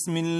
بسم الله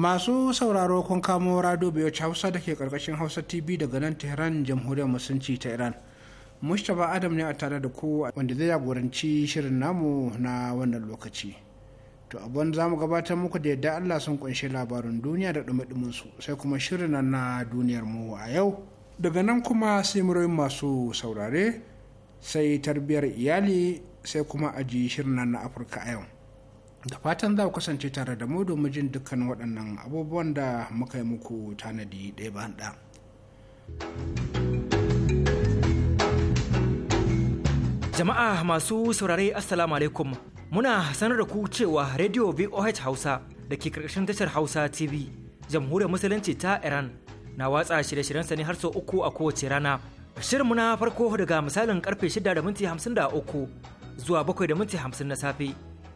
masu sauraro kun kamo rado biyu hausa da ke karkashin hausa tv daga nan tehran jamhuriyar musulunci ta iran mustapha adam ne a tare da ku wanda zai jagoranci shirin namu na wannan lokaci to abin za mu gabatar muku da yadda allah sun kunshi labarin duniya da dumi su sai kuma shirin na duniyar mu a yau daga nan kuma sai mu masu saurare sai tarbiyar iyali sai kuma aji shirin na afirka a yau da fatan za ku kasance tare da mu domin jin dukkan waɗannan abubuwan da muka yi muku tanadi ɗaya ba ɗaya. jama'a masu saurare assalamu alaikum muna sanar da ku cewa radio voh hausa da ke karkashin tashar hausa tv jamhuriyar musulunci ta iran na watsa shirye-shiryen Sani har sau uku a kowace rana shirin muna farko daga misalin karfe 6 da minti zuwa 7 da minti na safe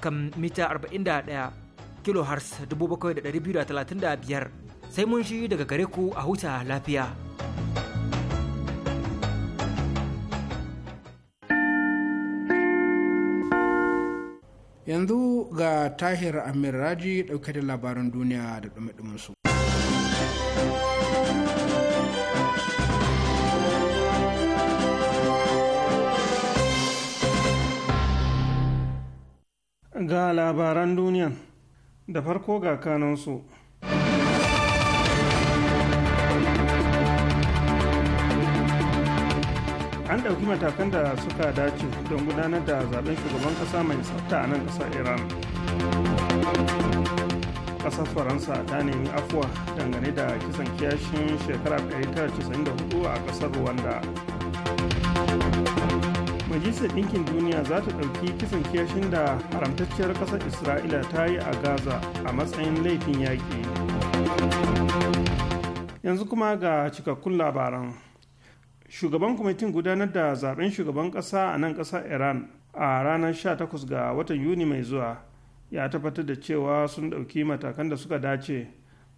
kan mita 41 kilohertz 7235 sai mun shi daga gare ku a huta lafiya. Yanzu ga Tahir Amir Raji dauke da labaran duniya da ɗumi su. ga labaran duniyan da farko ga kanansu an ɗauki matakan da suka dace don gudanar da zaben shugaban ƙasa mai tsafta a nan ƙasar iran ƙasar faransa ta nemi afuwa dangane da kisan kiyashin shekara 1994 a ƙasar rwanda majalisar ɗinkin duniya za ta ɗauki kisan kiyashin da haramtacciyar ƙasar isra'ila ta yi a gaza a matsayin laifin yaƙi yanzu kuma ga cikakkun labaran shugaban kwamitin gudanar da zaben shugaban ƙasa a nan ƙasa iran a ranar 18 ga watan yuni mai zuwa ya tabbatar da cewa sun ɗauki matakan da suka dace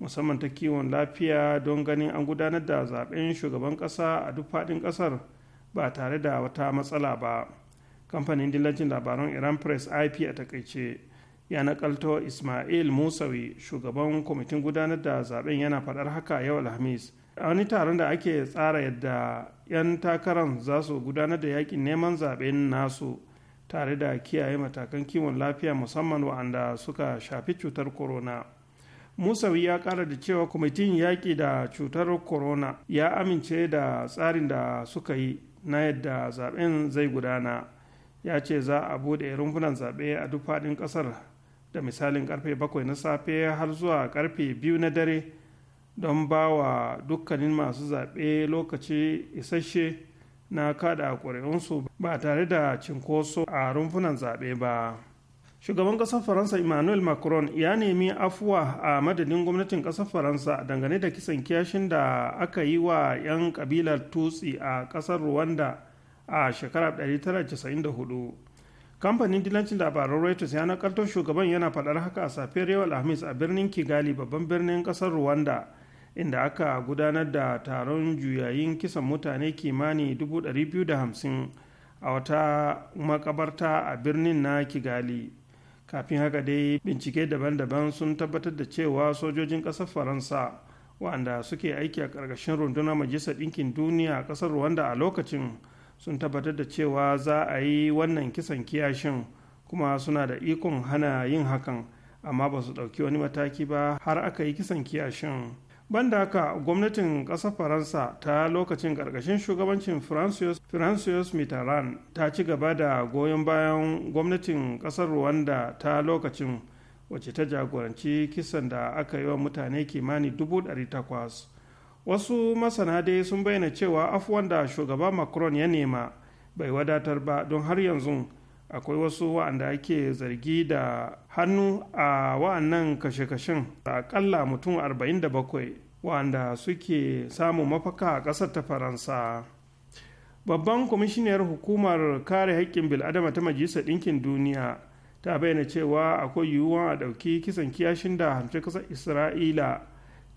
musamman ta kiwon lafiya don ganin an gudanar da zaben shugaban ƙasa a duk faɗin ƙasar ba tare da wata matsala ba kamfanin dillacin labaran iran press ip a takaice ya nakalto ismail musawi shugaban kwamitin gudanar da zaben yana faɗar haka yau alhamis a wani taron da ake tsara yadda 'yan takarar za su gudanar da yakin neman zaben nasu tare da kiyaye matakan kiwon lafiya musamman wa'anda suka shafi cutar corona musawi ya kara da cewa kwamitin yaƙi da cutar corona ya amince da tsarin da suka yi na yadda zaben zai gudana ya ce za a bude rumfunan zaɓe a duk faɗin ƙasar da misalin karfe bakwai na safe har zuwa karfe biyu na dare don ba wa dukkanin masu zaɓe lokaci isasshe na kada ƙuri'unsu ba tare da cinkoso a rumfunan zaɓe ba. shugaban kasar faransa emmanuel macron ya nemi afuwa a madadin gwamnatin kasar faransa dangane da kisan kiyashin da aka yi wa 'yan kabilar tutsi a kasar rwanda a shekarar 1994 kamfanin dilancin labaran reuters ya nakalto shugaban yana faɗar haka a safiyar yau alhamis a birnin kigali babban birnin kasar rwanda inda aka gudanar da taron juyayin kisan mutane kimani 250 a wata makabarta a birnin na kigali kafin haka dai bincike daban-daban sun tabbatar da cewa sojojin ƙasar faransa waɗanda suke aiki a ƙarƙashin rundunar majalisar ɗinkin duniya a ƙasar rwanda a lokacin sun tabbatar da cewa za a yi wannan kisan kiyashin kuma suna da ikon hana yin hakan amma ba su ɗauki wani mataki ba har aka yi kisan kiyashin banda haka gwamnatin ƙasar faransa ta lokacin ƙarƙashin shugabancin francois mitterrand ta ci gaba da goyon bayan gwamnatin ƙasar rwanda ta lokacin wacce ta jagoranci kisan da aka yi wa mutane kimani 800 wasu masana dai sun bayyana cewa afuwan da shugaba macron ya nema bai wadatar ba don har yanzu akwai wasu wa'anda ake zargi da hannu a wa'annan kashe-kashen akalla mutum 47 wa'anda suke samun mafaka a ƙasar ta faransa babban kwamishiniyar hukumar kare haƙƙin bil'adama ta majalisar ɗinkin duniya ta bayyana cewa akwai yiwuwa a ɗauki kisan kiyashin da hamshe ƙasar isra'ila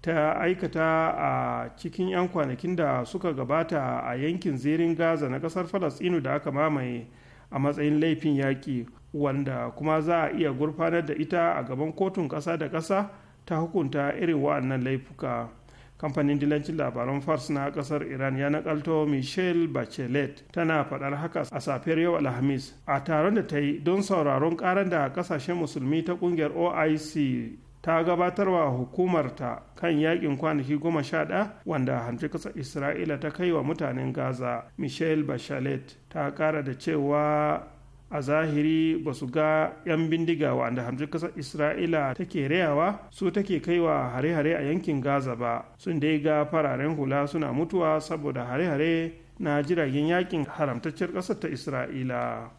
ta aikata a cikin 'yan kwanakin da suka gabata a yankin zirin gaza na ƙasar falasɗinu da aka mamaye a matsayin laifin yaƙi wanda kuma za a iya gurfanar da ita a gaban kotun ƙasa da ƙasa ta hukunta irin wa'annan laifuka kamfanin dilancin labaran fars na ƙasar iran ya nakalto michelle bachelet tana faɗar haka a safiyar yau alhamis a taron da ta yi don sauraron ƙaran da ƙasashen musulmi ta ƙungiyar oic ta gabatarwa hukumarta kan yakin kwanaki goma sha ɗaya wanda hamshi ƙasar isra'ila ta kai wa mutanen gaza michelle bachelet ta ƙara da cewa a zahiri ba su ga 'yan bindiga wanda hamshi ƙasar isra'ila take rayawa su take kaiwa hare-hare a yankin gaza ba sun dai ga fararen hula suna mutuwa saboda hare-hare na jiragen yakin haramtaccen ƙasar ta isra'ila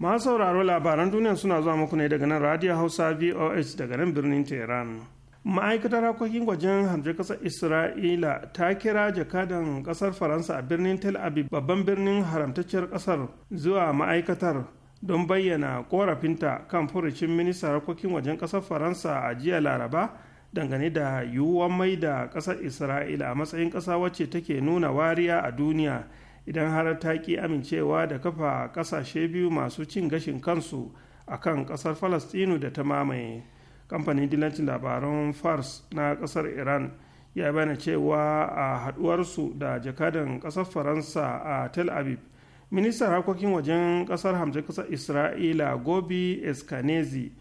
masu sauraro labaran duniya suna zuwa muku ne daga nan radio hausa voh daga nan birnin tehran ma'aikatar harkokin wajen hamshe kasar isra'ila ta kira jakadan ƙasar faransa a birnin tel aviv babban birnin haramtacciyar ƙasar zuwa ma'aikatar don bayyana korafinta kan furucin ministan harkokin wajen ƙasar faransa a jiya laraba dangane da yiwuwar mai da ƙasar isra'ila a matsayin ƙasa wacce take nuna wariya a duniya idan har ta ki amincewa da kafa ƙasashe biyu masu cin gashin kansu a kan ƙasar falastinu da ta mamaye kamfanin dilancin labaran fars na ƙasar iran ya bayyana cewa a haɗuwarsu da jakadan ƙasar faransa a tel aviv ministan harkokin wajen ƙasar hamshe ƙasar isra'ila gobi eskanezi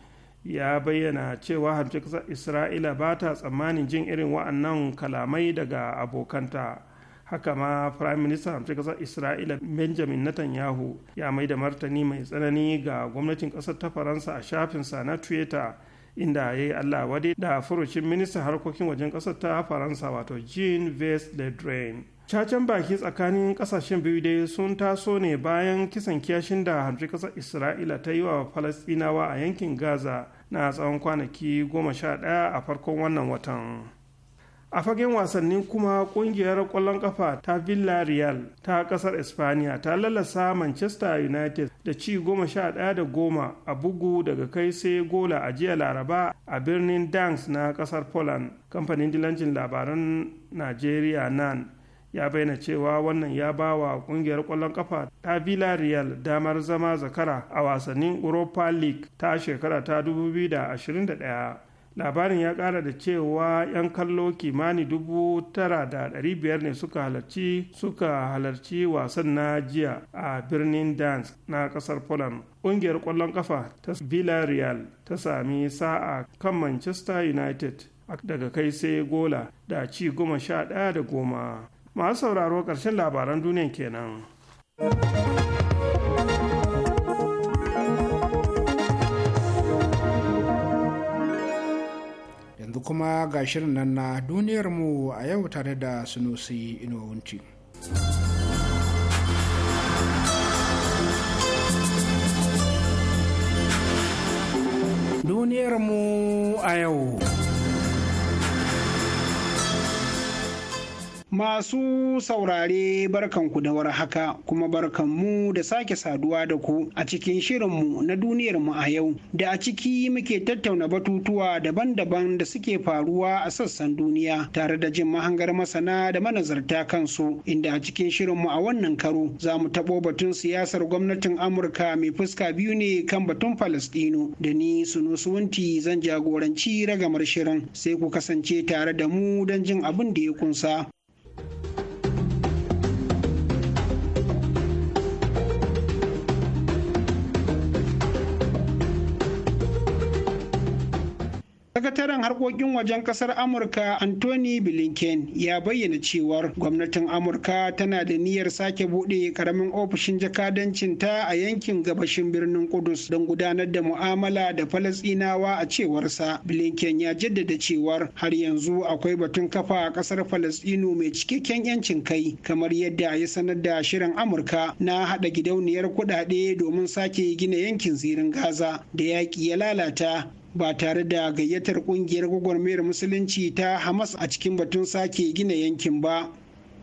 ya bayyana cewa hamshe ƙasar isra'ila ba ta tsammanin jin irin wa'annan kalamai daga abokanta haka ma prime minister hamshe kasar isra'ila benjamin netanyahu ya mai da martani mai tsanani ga gwamnatin kasar ta faransa a shafinsa na twitter inda ya yi allah wade da furucin minista harkokin wajen kasar ta faransa wato jean ves le drain cacen baki tsakanin kasashen biyu dai sun taso ne bayan kisan kiyashin da hamshe kasar isra'ila ta yi wa falastinawa a yankin gaza na tsawon kwanaki goma sha ɗaya a farkon wannan watan a fagen wasannin kuma kungiyar ƙwallon kafa ta villarreal ta ƙasar espaniya ta lalasa manchester united da ci goma sha ɗaya da goma a bugu daga kai sai gola a jiya laraba a birnin danks na ƙasar poland kamfanin dilancin labaran najeriya nan ya bayyana cewa wannan ya ba wa kungiyar kwallon kafa ta villarreal damar zama zakara a wasannin europa league ta shekara ta 2021 labarin ya kara da cewa 'yan kallo kimani dubu tara da ɗari biyar ne suka halarci suka halarci wasan na jiya a birnin dance na ƙasar poland ƙungiyar ƙwallon ƙafa ta villarreal ta sami sa'a kan manchester united daga kai sai gola da ci goma sha ɗaya da goma masu sauraro ƙarshen labaran duniya kenan. kuma ga shirin nan na mu a yau tare da sunusi duniyar duniyarmu a yau Masu saurare barkanku da warhaka kuma barkanmu da sake saduwa da ku a cikin shirinmu na duniyar mu a yau da a ciki muke tattauna batutuwa daban-daban da suke faruwa a sassan duniya tare da jin mahangar masana da manazarta kansu inda a cikin shirinmu a wannan karo za mu taɓo batun siyasar gwamnatin Amurka mai fuska biyu ne kan batun Falastinu da ni su Sunusuwanti zan jagoranci ragamar shirin sai ku kasance tare da mu don jin abin da ya kunsa. sakataren harkokin wajen kasar amurka anthony blinken ya bayyana cewar gwamnatin amurka tana da niyyar sake buɗe karamin ofishin jakadancin ta a yankin gabashin birnin kudus don gudanar da mu'amala da falasinawa a cewarsa blinken ya jaddada cewar har yanzu akwai batun kafa a kasar falasinu mai cikakken yancin kai kamar yadda ya sanar da shirin amurka na haɗa gidauniyar kuɗaɗe domin sake gina yankin zirin gaza da yaƙi ya lalata ba tare da gayyatar kungiyar gwagwarmayar musulunci ta hamas a cikin batun sake gina yankin ba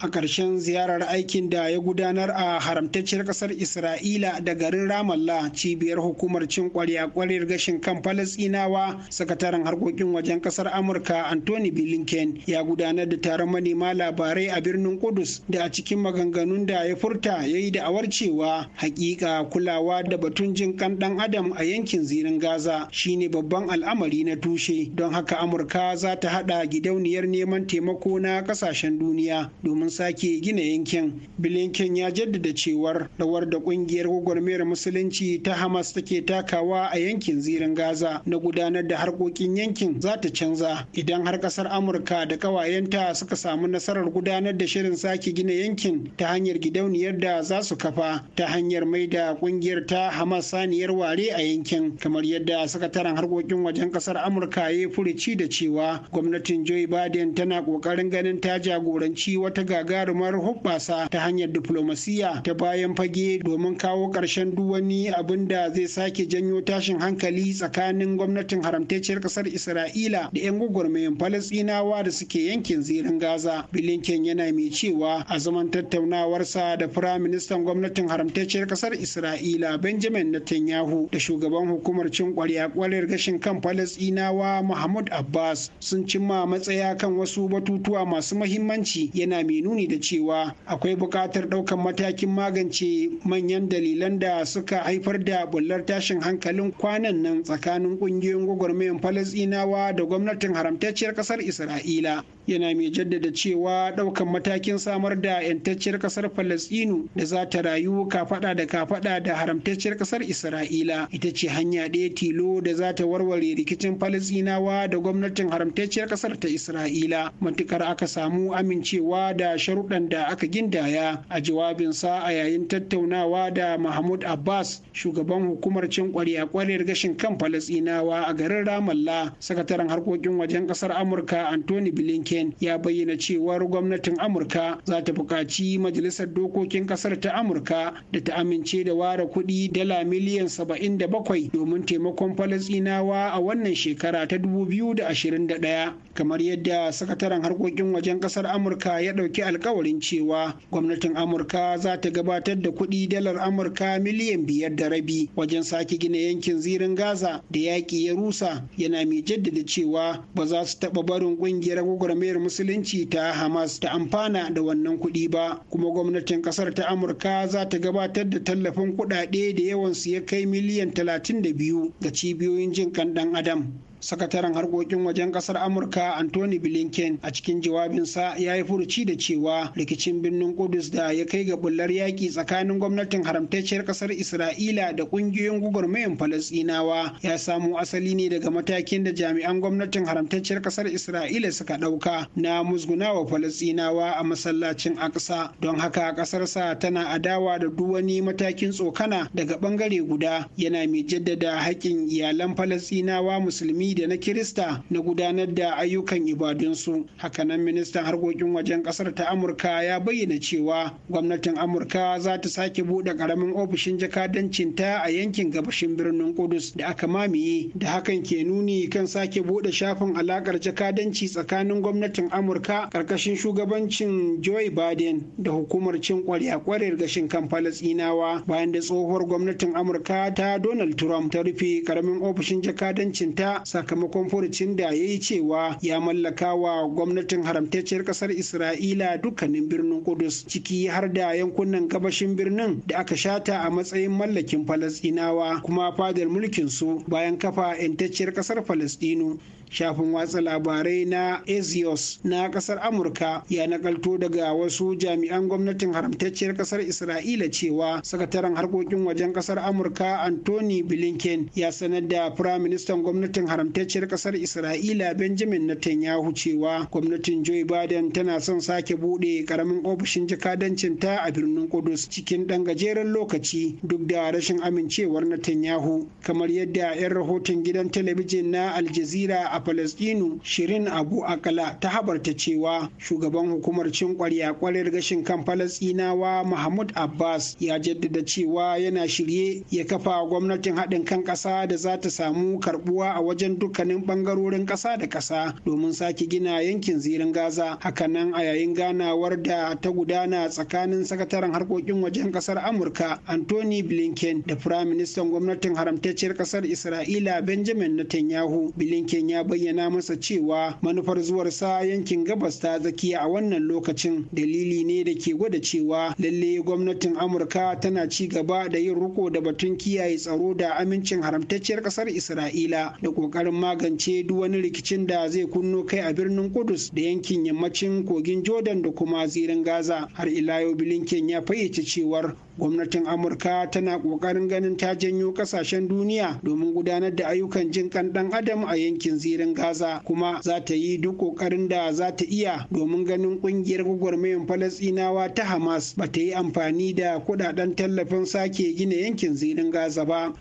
a ƙarshen ziyarar aikin da ya gudanar a haramtacciyar ƙasar isra'ila da garin ramallah cibiyar hukumar cin ƙwarya kwarir gashin kan falasinawa sakataren harkokin wajen ƙasar amurka anthony blinken ya gudanar da taron manema labarai a birnin kudus da a cikin maganganun da ya furta ya yi da'awar cewa haƙiƙa kulawa da batun jin kan ɗan adam a yankin zirin gaza shine babban al'amari na tushe don haka amurka za ta haɗa gidauniyar neman taimako na ƙasashen duniya domin domin sake gina yankin blinken ya jaddada cewar rawar da kungiyar gwagwarmayar musulunci ta hamas take takawa a yankin zirin gaza na gudanar da harkokin yankin za ta canza idan har kasar amurka da kawayenta suka samu nasarar gudanar da shirin sake gina yankin ta hanyar gidauniyar da za su kafa ta hanyar mai da kungiyar ta hamas saniyar ware a yankin kamar yadda sakataren harkokin wajen kasar amurka ya furici da cewa gwamnatin joe biden tana kokarin ganin ta jagoranci wata gagarumar hubbasa ta hanyar diplomasiya ta bayan fage domin kawo ƙarshen duk wani abin da zai sake janyo tashin hankali tsakanin gwamnatin haramtacciyar ƙasar isra'ila da 'yan gwagwarmayin falasɗinawa da suke yankin zirin gaza bilinken yana mai cewa a zaman tattaunawarsa da firaministan gwamnatin haramtacciyar ƙasar isra'ila benjamin netanyahu da shugaban hukumar cin kwarya ƙwarar gashin kan falasɗinawa mahmud abbas sun cimma matsaya kan wasu batutuwa masu mahimmanci yana mai nuni da cewa akwai buƙatar ɗaukar matakin magance manyan dalilan da suka haifar da bullar tashin hankalin kwanan nan tsakanin ƙungiyoyin gwagwarmayan falasɗinawa da gwamnatin haramtacciyar ƙasar isra'ila yana mai jaddada cewa ɗaukan matakin samar da 'yantacciyar ƙasar falasɗinu da za ta rayu kafaɗa da kafaɗa da haramtacciyar ƙasar isra'ila ita ce hanya ɗaya tilo da za ta warware rikicin falasɗinawa da gwamnatin haramtacciyar ƙasar ta isra'ila matukar aka samu amincewa da sharuɗan da aka gindaya a jawabinsa a yayin tattaunawa da mahmud abbas shugaban hukumar cin kwari a kwarar gashin kan falasinawa a garin ramallah sakataren harkokin wajen ƙasar amurka anthony blinken ya bayyana cewar gwamnatin amurka za ta buƙaci majalisar dokokin ƙasar ta amurka da ta amince da ware kuɗi dala miliyan saba'in da bakwai domin taimakon falasinawa a wannan shekara ta dubu biyu da da ashirin ɗaya kamar yadda sakataren harkokin wajen ƙasar amurka ya ɗauki alkawarin cewa gwamnatin amurka za ta gabatar da kuɗi dalar amurka miliyan biyar da rabi wajen sake gina yankin zirin gaza da yaƙi ya rusa yana mai jaddada cewa ba za su taɓa barin ƙungiyar gwagwarmayar musulunci ta hamas ta amfana da wannan kuɗi ba kuma gwamnatin ƙasar ta amurka za ta gabatar da tallafin kuɗaɗe da yawansu ya kai miliyan talatin da biyu ga cibiyoyin jin kan ɗan adam sakataren harkokin wajen kasar amurka anthony blinken a cikin jawabinsa ya yi furuci da cewa rikicin birnin kudus da ya kai ga bullar yaƙi tsakanin gwamnatin haramtacciyar kasar isra'ila da ƙungiyoyin gwagwarmayan falasɗinawa ya samo asali ne daga matakin da jami'an gwamnatin haramtacciyar kasar isra'ila suka ɗauka na musgunawa Falasinawa a masallacin aksa don haka sa tana adawa da duk wani matakin tsokana daga ɓangare guda yana mai jaddada haƙƙin iyalan falasɗinawa musulmi da na kirista na gudanar da ayyukan ibadunsu hakanan ministan harkokin wajen kasar ta amurka ya bayyana cewa gwamnatin amurka za ta sake buɗe ƙaramin ofishin jakadancin ta a yankin gabashin birnin kudus da aka mamiye da hakan ke nuni kan sake buɗe shafin alakar jakadanci tsakanin gwamnatin amurka ƙarƙashin shugabancin joe biden da hukumar cin kwarya-kwarar gashin kan falasinawa bayan da tsohuwar gwamnatin amurka ta donald trump ta rufe ƙaramin ofishin jakadancin ta sakamakon furucin da ya yi cewa ya mallaka wa gwamnatin haramtacciyar kasar isra'ila dukkanin birnin kudus ciki har da yankunan gabashin birnin da aka shata a matsayin mallakin Falasdinawa, kuma fadar mulkin su bayan kafa 'yantacciyar kasar Falasdinu. shafin watsa labarai na Axios na kasar Amurka ya nakalto daga wasu jami'an gwamnatin haramtacciyar kasar Isra'ila cewa sakataren harkokin wajen kasar Amurka Anthony Blinken ya sanar da firaministan gwamnatin haramtacciyar kasar Isra'ila Benjamin Netanyahu cewa gwamnatin Joe Biden tana son sake bude karamin ofishin jakadancin ta a birnin Kudus cikin dan gajeren lokaci duk da rashin amincewar Netanyahu kamar yadda 'yan rahoton gidan talabijin na Al Jazeera a Falasɗinu Shirin Abu Akala ta habarta cewa shugaban hukumar cin ƙwarya ƙwarar gashin kan Falasɗinawa Mahmud Abbas ya jaddada cewa yana shirye ya kafa gwamnatin haɗin kan ƙasa da za ta samu karɓuwa a wajen dukkanin ɓangarorin ƙasa da ƙasa domin sake gina yankin zirin Gaza. Hakanan a yayin ganawar da ta gudana tsakanin sakataren harkokin wajen ƙasar Amurka Anthony Blinken da Firaministan gwamnatin haramtacciyar ƙasar Isra'ila Benjamin Netanyahu. Blinken ya bayyana masa cewa manufar zuwarsa yankin gabas ta zakiya a wannan lokacin dalili ne da ke gwada cewa lalle gwamnatin amurka tana ci gaba da yin riko da batun kiyaye tsaro da amincin haramtacciyar kasar isra'ila da kokarin magance duk wani rikicin da zai kunno kai a birnin kudus da yankin yammacin kogin jordan da kuma zirin gaza har ila yau bilinken ya fayyace cewar gwamnatin amurka tana kokarin ganin ta janyo kasashen duniya domin gudanar da ayyukan jin kan dan adam a yankin zirin zirin gaza kuma za ta yi duk kokarin da za ta iya domin ganin kungiyar gwagwarmayan falastinawa ta hamas ba ta yi amfani da kudaden tallafin sake gina yankin zirin gaza ba.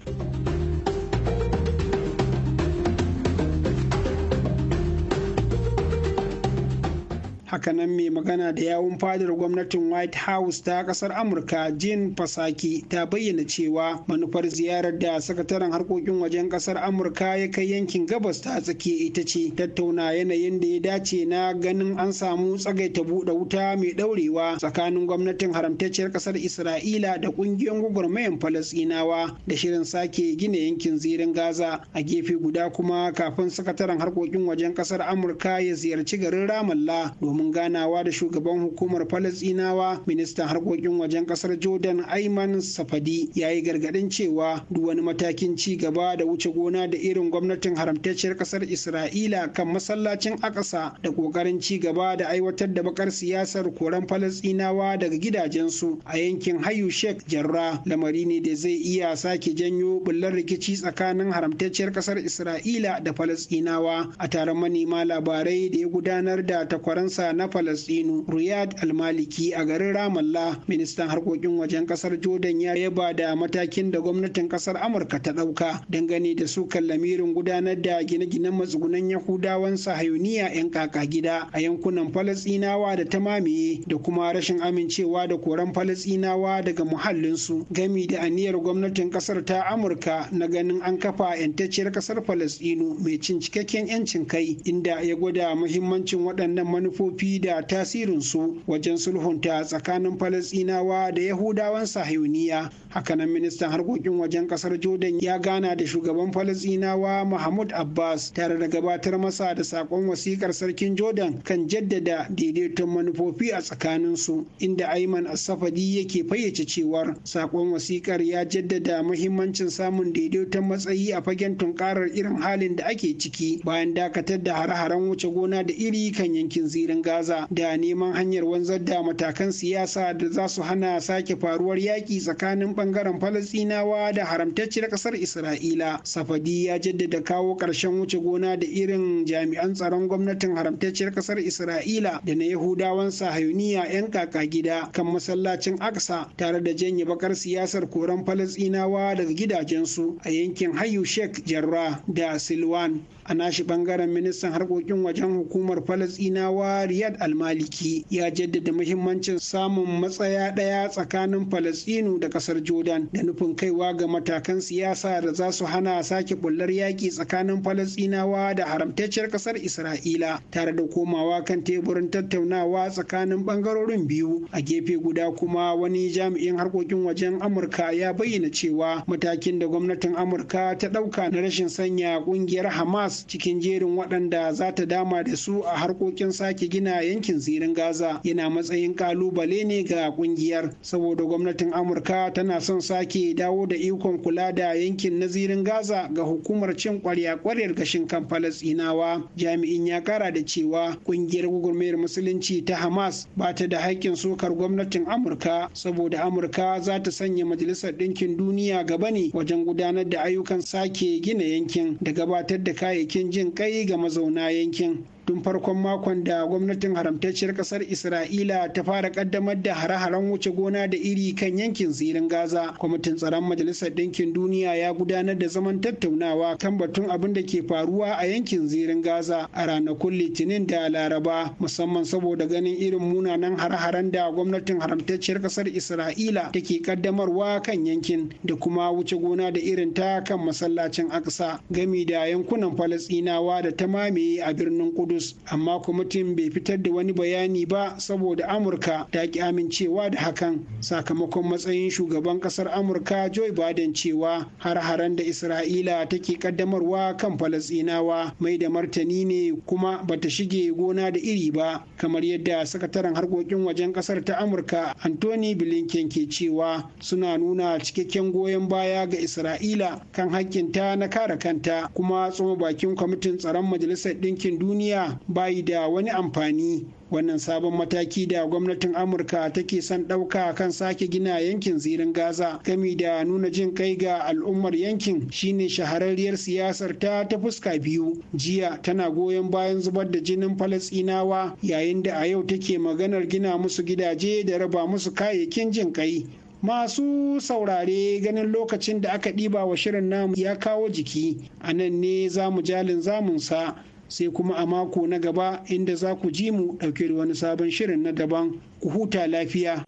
nan mai magana da yawun fadar gwamnatin white house ta kasar amurka jin fasaki ta bayyana cewa manufar ziyarar da sakataren harkokin wajen kasar amurka ya kai yankin gabas ta tsaki ita ce tattauna yanayin da ya dace na ganin an samu tsagaita buɗe wuta mai ɗaurewa tsakanin gwamnatin haramtacciyar kasar isra'ila da ƙungiyoyin gwagwarmayan falasinawa da shirin sake gina yankin zirin gaza a gefe guda kuma kafin sakataren harkokin wajen kasar amurka ya ziyarci garin ramallah domin domin ganawa da shugaban hukumar falasinawa ministan harkokin wajen kasar jordan ayman safadi ya yi gargadin cewa duk wani matakin ci gaba da wuce gona da irin gwamnatin haramtacciyar kasar isra'ila kan masallacin akasa da kokarin ci gaba da aiwatar da bakar siyasar koran falasinawa daga gidajensu a yankin hayu shek jarra lamari ne da zai iya sake janyo bullar rikici tsakanin haramtacciyar kasar isra'ila da falasinawa a taron manema labarai da ya gudanar da takwaransa na Falasɗinu Riyad Almaliki a garin Ramallah ministan harkokin wajen kasar Jordan ya yaba da matakin da gwamnatin kasar Amurka ta ɗauka dangane da su lamirin gudanar da gine-ginen matsugunan Yahudawan sahayuniya 'yan kaka gida a yankunan falastinawa da ta mamaye da kuma rashin amincewa da koran Falasɗinawa daga muhallinsu gami da aniyar gwamnatin kasar ta Amurka na ganin an kafa 'yantacciyar kasar Falasɗinu mai cin cikakken 'yancin kai inda ya gwada muhimmancin waɗannan manufofi ƙarfi da tasirinsu wajen sulhunta tsakanin falasinawa da yahudawan sahiyuniya hakanan ministan harkokin wajen kasar jordan ya gana da shugaban falasinawa mahmud abbas tare da gabatar masa da sakon wasikar sarkin jordan kan jaddada daidaiton manufofi a tsakaninsu inda aiman asafadi yake fayyace cewar sakon wasikar ya jaddada muhimmancin samun daidaiton matsayi a fagen tunkarar irin halin da ake ciki bayan dakatar da hare-haren wuce gona da iri kan yankin zirin gaza gaza da neman hanyar wanzar da matakan siyasa da za su hana sake faruwar yaƙi tsakanin ɓangaren falasinawa da haramtacciyar ƙasar isra'ila safadi ya jaddada kawo ƙarshen wuce gona da irin jami'an tsaron gwamnatin haramtacciyar ƙasar isra'ila da na yahudawan sahayuniya 'yan kaka gida kan masallacin aksa tare da janye bakar siyasar koren falasinawa daga gidajensu a yankin hayu sheikh jarrah da silwan a nashi ɓangaren ministan harkokin wajen hukumar falasinawa riyad riyad maliki ya jaddada muhimmancin samun matsaya ɗaya tsakanin falasɗinu da ƙasar jordan da nufin kaiwa ga matakan siyasa da za su hana sake bullar yaƙi tsakanin falasɗinawa da haramtacciyar ƙasar isra'ila tare da komawa kan teburin tattaunawa tsakanin ɓangarorin biyu a gefe guda kuma wani jami'in harkokin wajen amurka ya bayyana cewa matakin da gwamnatin amurka ta ɗauka na rashin sanya ƙungiyar hamas cikin jerin waɗanda za ta dama da su a harkokin sake gina na yankin zirin gaza yana matsayin kalubale ne ga kungiyar saboda gwamnatin amurka tana son sake dawo da ikon kula da yankin na zirin gaza ga hukumar cin kwarya kwaryar gashin kan falasinawa jami'in ya kara da cewa kungiyar gugurmayar musulunci ta hamas ba ta da haƙƙin sokar gwamnatin amurka saboda amurka za ta sanya majalisar ɗinkin duniya gaba ne wajen gudanar da ayyukan sake gina yankin da gabatar da kayayyakin jin kai ga mazauna yankin tun farkon makon da gwamnatin haramtacciyar kasar isra'ila ta fara kaddamar da hare-haren wuce gona da iri kan yankin tsirin gaza kwamitin tsaron majalisar ɗinkin duniya ya gudanar da zaman tattaunawa kan batun abin da ke faruwa a yankin zirin gaza a ranakun litinin da laraba musamman saboda ganin irin munanan hare-haren da gwamnatin haramtacciyar kasar isra'ila take kaddamarwa kan yankin da kuma wuce gona da irin ta kan masallacin aksa gami da yankunan falasɗinawa da ta mamaye a birnin kudu Kudus amma kwamitin bai fitar da wani bayani ba saboda Amurka ta ki amincewa da hakan sakamakon matsayin shugaban kasar Amurka Joe Biden cewa har-haren da Isra'ila take kaddamarwa kan Falasɗinawa mai da martani ne kuma ba ta shige gona da iri ba kamar yadda sakataren harkokin wajen kasar ta Amurka Anthony Blinken ke cewa suna nuna cikakken goyon baya ga Isra'ila kan hakkinta na kare kanta kuma tsoma bakin kwamitin tsaron majalisar ɗinkin duniya Ba bayi da wani amfani wannan sabon mataki da gwamnatin amurka take son ɗauka kan sake gina yankin zirin gaza gami da nuna jin kai ga al'ummar yankin shine shahararriyar siyasar ta ta fuska biyu jiya tana goyon bayan zubar da jinin falasinawa yayin da a yau take maganar gina musu gidaje da raba musu kayayyakin jin kai masu saurare ganin lokacin da aka ɗiba wa shirin namu ya kawo jiki a nan ne zamu jalin zamunsa sai kuma a mako na gaba inda za ku ji mu ɗauke da wani sabon shirin na daban ku huta lafiya.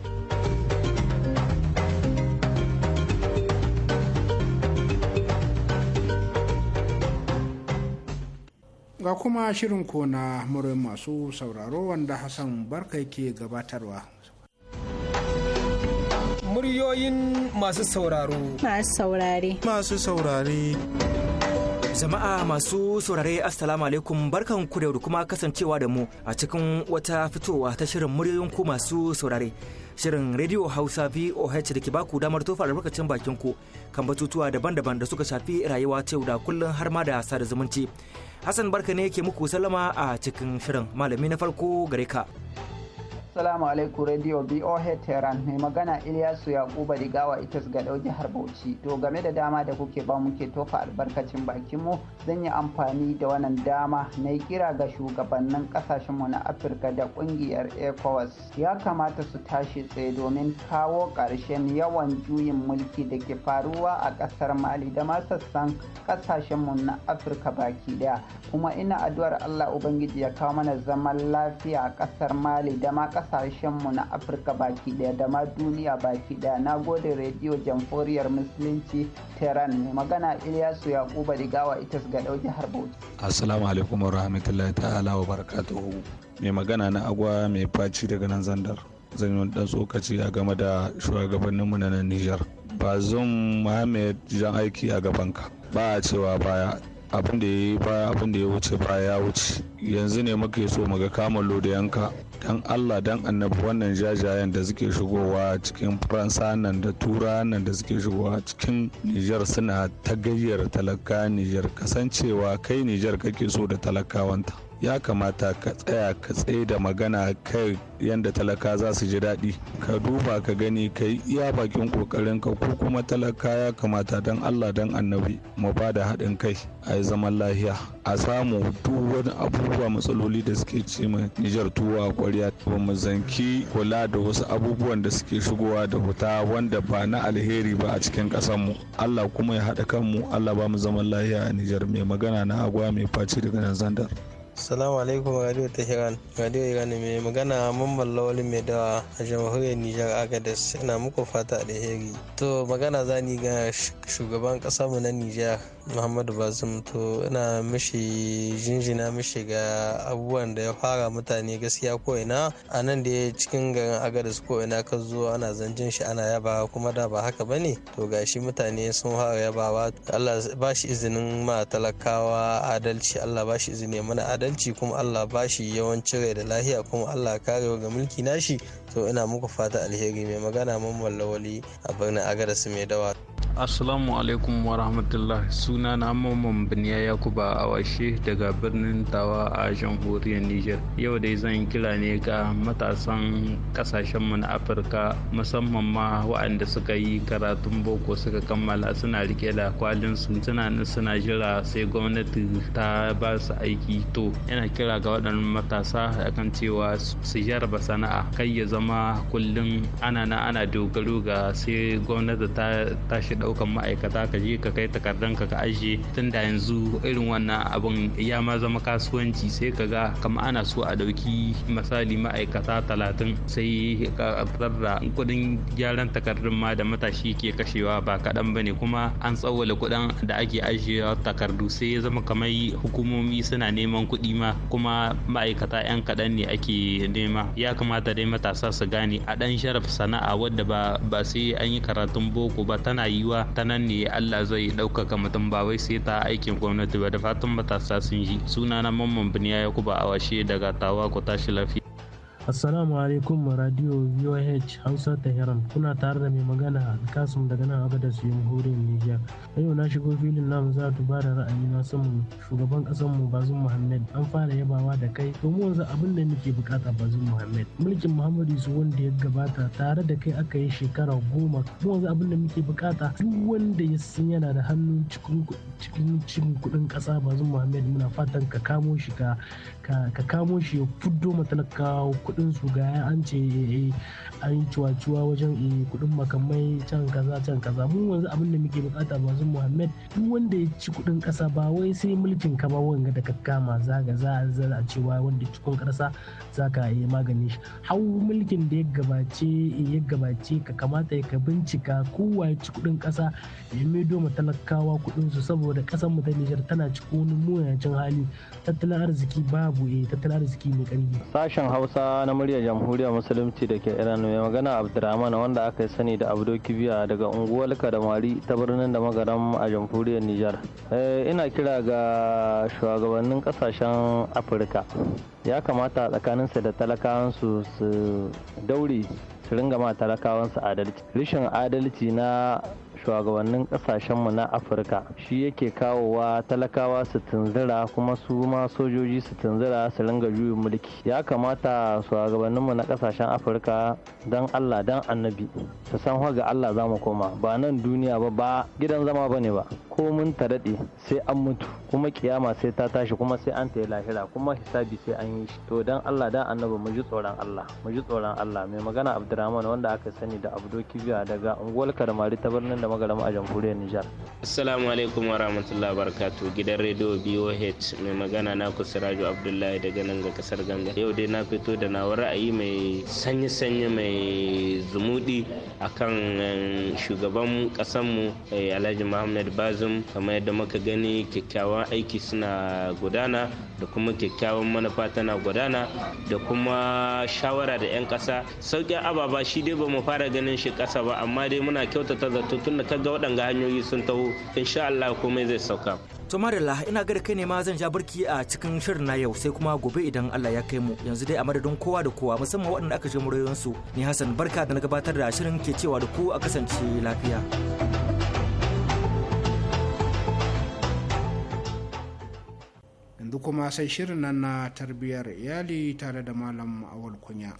ga kuma shirin ko na murin masu sauraro wanda hassan barka ke gabatarwa muryoyin masu sauraro masu saurare masu saurare Jama'a masu saurare Assalamu alaikum barkan ku da kuma kasancewa da mu a cikin wata fitowa ta shirin muryoyin ku masu saurare. Shirin Radio Hausa VOH da ke baku damar tofa albarkacin bakin ku kan batutuwa daban-daban da suka shafi rayuwa ta da kullum har ma da sada zumunci. Hassan barka ne ke muku sallama a cikin shirin malami na farko gare ka. Assalamu alaikum Radio BOH Tehran mai magana Ilyasu Yakuba Digawa Itas ga jihar Bauchi. To game da dama da kuke ba muke tofa albarkacin bakin mu zan yi amfani da wannan dama na kira ga shugabannin mu na Afirka da kungiyar ECOWAS. Ya kamata su tashi tsaye domin kawo ƙarshen yawan juyin mulki da ke faruwa a ƙasar Mali da ma sassan kasashenmu na Afirka baki daya. Kuma ina addu'ar Allah Ubangiji ya kawo mana zaman lafiya a ƙasar Mali da ma kasashenmu na afirka baki daya da ma duniya baki daya na gode rediyo jamforiyar musulunci tehran mai magana ilyasu yakuba digawa itas ga dauki harbo bauchi assalamu alaikum wa rahmatullahi ta'ala wa barakatuhu mai magana na agwa mai faci daga nan zandar zan yi dan tsokaci a game da shugabanninmu na nan Ba zan muhammad jan aiki a gabanka ba a cewa baya abin da ya yi baya abin da ya wuce baya ya wuce yanzu ne muke so mu ga kama yanka dan allah dan annabi wannan jajayen da suke shigowa cikin faransa nan da tura nan da suke shigowa cikin nijar suna ta gayyar talaka nijar kasancewa kai nijar kake so da talakawanta ya kamata ka tsaya ka tsaye da magana kai yadda talaka za su ji daɗi ka duba ka gani ka yi iya bakin kokarin ka ko kuma talaka ya kamata don allah don annabi mu ba da haɗin kai a yi zaman lahiya a samu duk wani abubuwa matsaloli da suke ce mai nijar tuwo a kwarya ba mu zanki kula da wasu abubuwan da suke shigowa da wuta wanda ba na alheri ba a cikin ƙasar mu allah kuma ya haɗa kanmu allah ba mu zaman lahiya a nijar mai magana na agwa mai faci daga nan zandar Salamu alaikum Radio Tehran, Radio Iran mai magana mamman lawali mai dawa a jamhuriyar Nijar Agadez ina muku fata da heri. To magana zani ga shugaban ƙasa mu na niger. muhammadu bazum to ina mishi jinjina mishi ga abubuwan da ya fara mutane gaskiya ko ina a nan da ya cikin garin agadis ko ina ka zo ana zancen shi ana yaba kuma da ba haka bane to gashi mutane sun fara yabawa Allah ba shi izinin ma talakawa adalci Allah ba shi izini mana adalci kuma Allah ba shi yawancin rai da lahiya kuma Allah karewa ga mulki nashi to ina muku fata alheri mai magana mun lawali a birnin agadas mai dawa Assalamu alaikum wa rahmatullah suna na mamman biniya yakuba a washe daga birnin tawa a jamhuriyar Nijar. Yau dai zan kira ne ga matasan mu na Afirka musamman ma waɗanda suka yi karatun boko suka kammala suna rike da kwalin su suna suna jira sai gwamnati ta ba su aiki to ina kira ga waɗannan matasa akan cewa su jarba sana'a kai ya zama kuma kullum ana na ana dogaro ga sai gwamnati ta tashi daukan ma'aikata ka je ka kai takardan ka ka ajiye tun da yanzu irin wannan abun ya ma zama kasuwanci sai ka ga kama ana so a dauki misali ma'aikata talatin sai ka da kudin gyaran takardun ma da matashi ke kashewa ba kaɗan bane kuma an tsawwala kudin da ake ajiyewa takardu sai ya zama kamar hukumomi suna neman kuɗi ma kuma ma'aikata 'yan kaɗan ne ake nema ya kamata dai matasa sa su gane a ɗan sharaf sana'a wadda ba ba sai an yi karatun boko ba tana yiwa ta nan ne Allah zai ɗaukaka mutum ba wai sai ta aikin gwamnati ba da fatan matasa sun ji sunana mamman biniya ya kuba awashe daga tawa ku tashi lafiya Assalamu alaikum radio VOH Hausa Tehran kuna tare da mai magana Alkasum daga nan a gada su jamhuriyar Nijar. A yau na shigo filin namu za ta ba da ra'ayi na samun shugaban kasar mu Bazum Muhammad an fara yabawa da kai to mu yanzu abin da muke bukata Bazum Muhammad. Mulkin Muhammadu su wanda ya gabata tare da kai aka yi shekara goma mu yanzu abin da muke bukata duk wanda ya san yana da hannu cikin cikin cin kudin kasa Bazum Muhammad muna fatan ka kamo shi ka ka kamo shi ya fuddo talaka kudin su ga an ce an cuwa-cuwa wajen eh, kudin makamai can kaza can kaza mu wanzu abin da muke bukata bazu muhammed duk wanda ya ci kudin kasa ba wai sai mulkin ka ba wanga da kakkama za ga za a cewa wanda ci kudin za ka yi magani shi hau mulkin da ya gabace ya gabace ka kamata ya ka bincika kowa ya ci kudin kasa ya maido talakawa kudin su saboda kasan mu ta Nijar tana cikin wani muyancin hali tattalin arziki babu buɗe eh, tattalin arziki mai ƙarfi. sashen hausa na muryar jamhuriyar musulunci da ke iran mai magana abdurrahman wanda aka yi sani da abdo kibiya daga unguwar kadamari ta birnin da magaram a jamhuriyar nijar eh, ina kira ga shugabannin kasashen afirka ya kamata tsakaninsu da talakawansu su daure su ringa ma talakawansu adalci rashin adalci na shugabannin kasashenmu na afirka shi yake kawowa talakawa su tunzura kuma su ma sojoji su tunzura su ringa juyin mulki ya kamata shugabanninmu na kasashen afirka don allah don annabi su san ga allah za mu koma ba nan duniya ba ba gidan zama ba ne ba ko mun ta daɗe sai an mutu kuma kiyama sai ta tashi kuma sai an ta yi lahira kuma hisabi sai an yi shi to dan Allah dan annabi mu ji tsoron Allah mu ji tsoron Allah mai magana Abdurrahman wanda aka sani da Abdo Kibiya daga unguwar Karmari ta birnin da magarama a jamhuriyar Nijar Assalamu alaikum wa rahmatullahi wa gidan rediyo BOH mai magana na ku Siraju Abdullahi daga nan ga kasar Ganga yau dai na fito da nawa ra'ayi mai sanyi-sanyi mai zumudi akan eh, shugaban kasanmu eh, Alhaji Muhammad Bazum alkasim kamar yadda muka gani kyakkyawan aiki suna gudana da kuma kyakkyawan manufa tana gudana da kuma shawara da 'yan kasa sauƙin ababa shi dai ba mu fara ganin shi kasa ba amma dai muna kyautata zato tun da kaga waɗanga hanyoyi sun taho insha Allah komai zai sauka. To Marilla ina ga kai ne ma zan ja barki a cikin shirin na yau sai kuma gobe idan Allah ya kai mu yanzu dai a madadin kowa da kowa musamman waɗanda aka je murayensu ni Hassan barka da na gabatar da shirin ke cewa da ku a kasance lafiya. yanzu kuma sai shirin nan na tarbiyyar iyali tare da malam awal kunya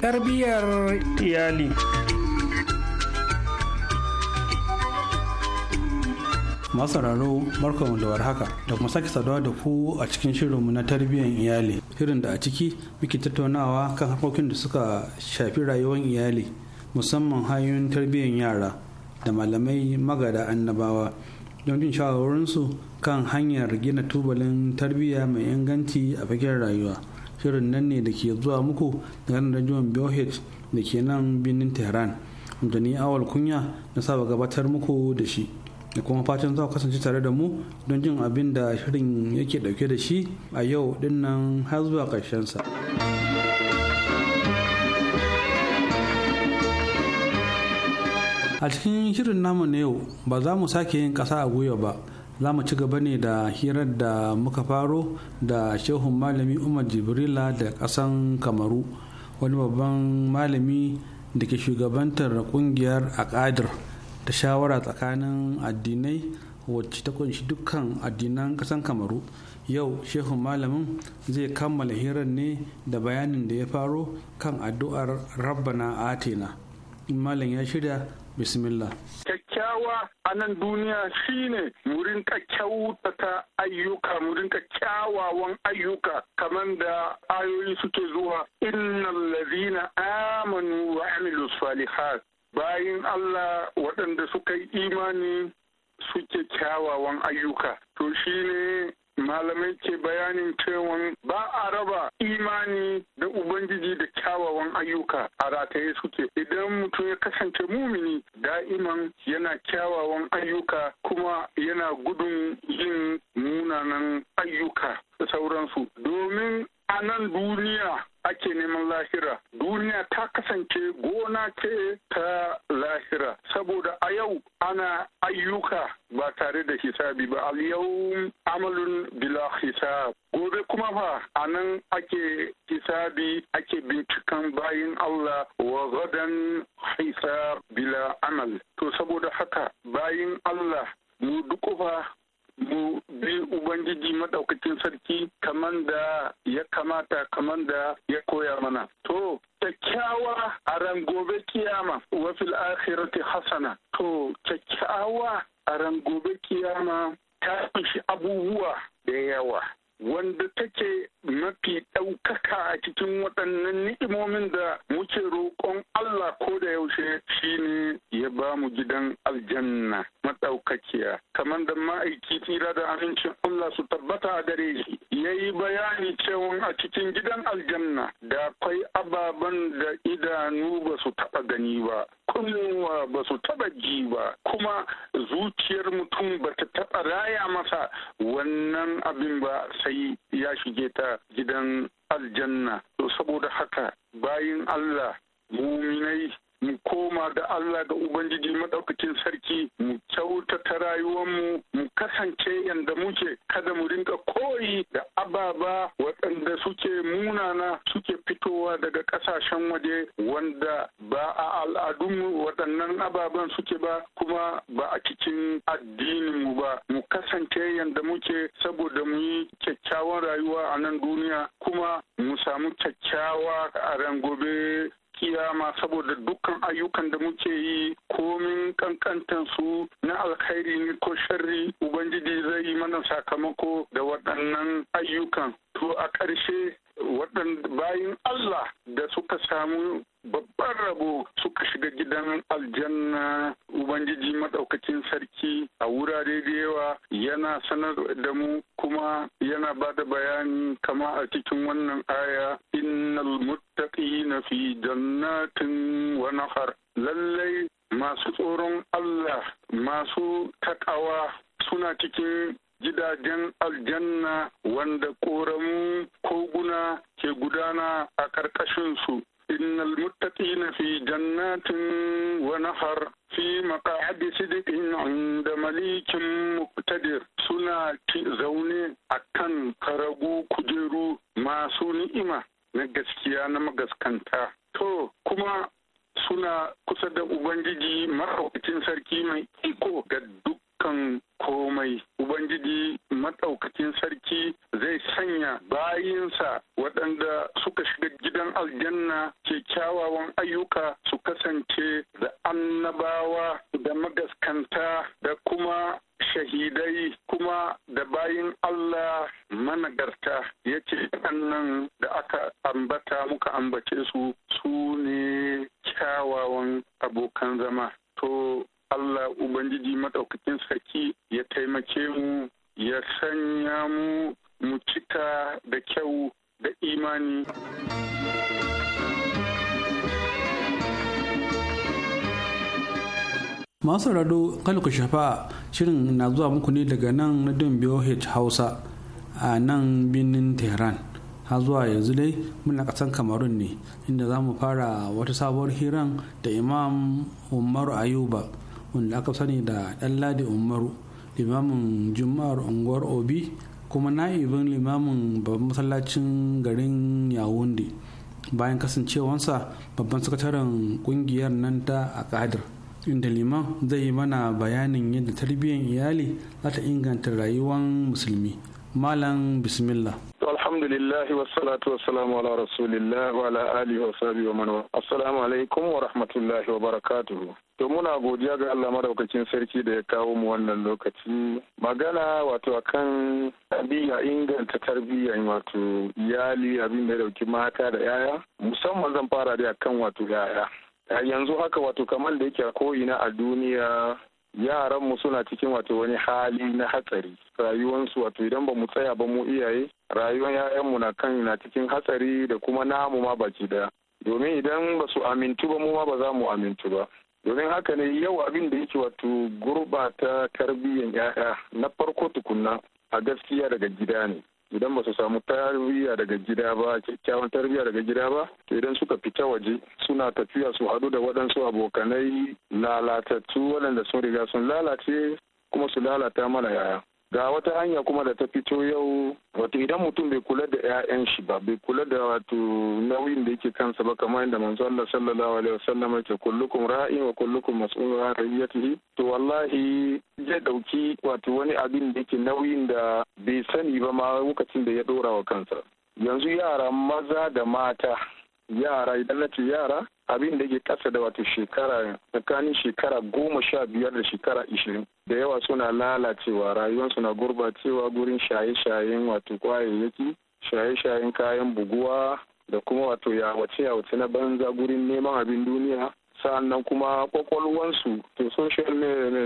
tarbiyyar iyali raro barkanmu da warhaka da kuma sake saduwa da ku a cikin shirinmu na tarbiyyar iyali shirin da a ciki muke tattaunawa kan harkokin da suka shafi rayuwar iyali musamman hanyoyin tarbiyyar yara da malamai magada annabawa don jin shawarorinsu kan hanyar gina tubalin tarbiyya mai inganci a fagen rayuwa shirin nan ne da ke zuwa muku da nan rajon BOH da ke nan birnin tehran da ni awal kunya na saba gabatar muku da shi da kuma fatan za ku kasance tare da mu don jin abin da shirin yake dauke da shi a yau dinnan har zuwa ƙarshensa. sa a cikin shirin namu na yau ba za mu sake yin ƙasa a gwiwa ba za mu ci gaba ne da hirar da muka faro da shehun malami umar jibrila da ƙasan kamaru wani babban malami da ke shugabantar kungiyar akadir da shawara tsakanin addinai wacce ta kunshi dukkan addinan ƙasan kamaru yau shehun malamin zai kammala hirar ne da bayanin da ya faro kan addu'ar rabbana atina malam ya shirya bismillah kyakkyawa a nan duniya shine wurin ka ayyuka wurin kyakkyawawan ayyuka kamar da ayoyi suke zuwa innal ladina amanu wa amilu salihat bayin Allah waɗanda suka yi imani suke kyawawan ayyuka to shine malamai ke bayanin cewa ba a raba imani da ubangiji da kyawawan ayyuka a rataye suke idan mutum ya kasance mumini da'iman yana kyawawan ayyuka kuma yana gudun yin munanan ayyuka da sauransu domin a nan duniya ake neman lahira duniya ta kasance gona ce ta lahira saboda a yau ana ayyuka ba tare da hisabi ba al yau amalun bila hisab gobe kuma fa a nan ake hisabi ake bincikan bayan Allah wa gadan hisab bila amal to saboda haka bayan Allah mu dukufa mu bi ubangiji madaukakin sarki kaman da ya kamata kaman da ya koya mana to kyakkyawa a ran gobe kiyama wa fil akhirati hasana to kyakkyawa a ran gobe kiyama ta shi abubuwa da yawa wanda take mafi ɗaukaka a cikin waɗannan ni'imomin da muke roƙon Allah ko da yaushe shi ne ya ba mu gidan aljanna maɗaukakiya kamar da ma'aiki tsira da amincin Allah su tabbata a gare shi ya yi bayani cewa a cikin gidan aljanna da akwai ababen da idanu ba su taɓa gani ba kunnuwa ba su taɓa ji ba kuma zuciyar mutum ba ta taɓa raya masa wannan abin ba sai yi ya shige ta gidan aljanna to saboda haka bayan Allah muminai mu koma ga Allah ga Ubangiji maɗaukakin sarki mu kyautata rayuwarmu mu kasance yadda muke kada mu rinka koyi da ababa waɗanda suke munana suke fitowa daga ƙasashen waje wanda ba a al'adunmu waɗannan ababen suke ba kuma ba a cikin addininmu ba mu kasance yadda muke saboda mu yi kyakkyawan rayuwa a nan duniya kuma mu samu kyakkyawa a ran gobe kiyama saboda dukkan ayyukan da muke yi komin kankantan su na alkhairi ne ko sharri ubangiji zai yi mana sakamako da waɗannan ayyukan to a ƙarshe waɗanda bayan Allah da suka samu babban rabo suka shiga gidan aljanna ubangiji maɗaukakin sarki a wurare da yawa yana sanar da mu kuma yana ba da bayani kama a cikin wannan aya innal na fi jannatin wa nahar lallai masu tsoron Allah masu takawa suna cikin gidajen aljanna wanda koramu koguna ke gudana a ƙarƙashinsu. Innal na fi jannatin wa nahar fi maqa'adi sidiqin inda malikin muqtadir suna zaune akan karago kujeru masu ni'ima na gaskiya na magaskanta. To kuma suna kusa da Ubangiji maɗaukacin sarki mai iko ga duk dukkan komai ubangiji maɗaukakin sarki zai sanya bayinsa waɗanda suka shiga gidan aljanna ke kyawawan ayyuka su kasance da annabawa da magaskanta da kuma shahidai kuma da bayin Allah managarta ya ce nan da aka ambata muka ambace su su ne kyawawan abokan zama to Allah Ubangiji maɗaukakin saki ya taimake mu ya sanya mu mu cika da kyau da imani. masu rado ku shafa shirin na zuwa muku ne daga nan don BOH Hausa a nan birnin Tehran. har zuwa yanzu dai muna kasan kamarun ne inda za mu fara wata sabuwar hiran da imam umar ayuba wanda aka sani da ɗan ladi umaru limamin juma'ar unguwar obi kuma na'ibin limamin babban masallacin garin yawundi bayan kasancewansa babban sakataren kungiyar nan ta akadir inda liman zai yi mana bayanin yadda tarbiyyar iyali za ta inganta rayuwar musulmi malam bismillah alhamdulillah wassalatu wassalamu ala rasulillah wa ala alihi wa sabi wa man assalamu alaikum wa rahmatullahi wa barakatuhu To muna godiya ga Allah maraukacin sarki da ya kawo mu wannan lokaci. Magana wato akan tarbiyya inganta tarbiyya wato iyali abin da dauki mata da yaya musamman zan fara da akan wato yaya. Yanzu haka wato kamar da yake a ko'ina a duniya yaran yaranmu suna cikin wato wani hali na hatsari rayuwansu wato idan ba mu tsaya ba mu iyaye rayuwar 'ya'yanmu na kan na cikin hatsari da kuma namu ma baki daya domin idan ba su amintu ba mu ma ba za mu amintu ba domin haka ne yau abin da yake wato gurbata tarbiyyar ya'ya na farko tukunna a gaskiya daga gida ne idan ba su samu tarbiyya daga gida ba kyakkyawan tarbiyya daga gida ba to idan suka fita waje suna tafiya su haɗu da waɗansu abokanai lalatattu waɗanda sun riga sun lalace kuma su lalata mana yaya ga wata hanya kuma da ta fito yau wato idan mutum bai kula da 'ya'yan shi ba bai kula da wato nauyin da yake kansa ba kamar yadda manzo Allah sallallahu alaihi wasallam yake kullukum ra'in wa kullukum mas'ulun an rayyatihi to wallahi zai dauki wato wani abin da yake nauyin da bai sani ba ma lokacin da ya dora wa kansa yanzu yara maza da mata yara idan na ce yara abin da ke kasa da wato shekara tsakanin shekara goma sha biyar da shekara ishirin da yawa suna lalacewa rayuwarsu na gurbacewa gurin shaye-shayen wato kwayayyaki shaye-shayen kayan buguwa da kuma wato ya yawace-yawace na banza gurin neman abin duniya sa'annan kuma kwakwalwansu to social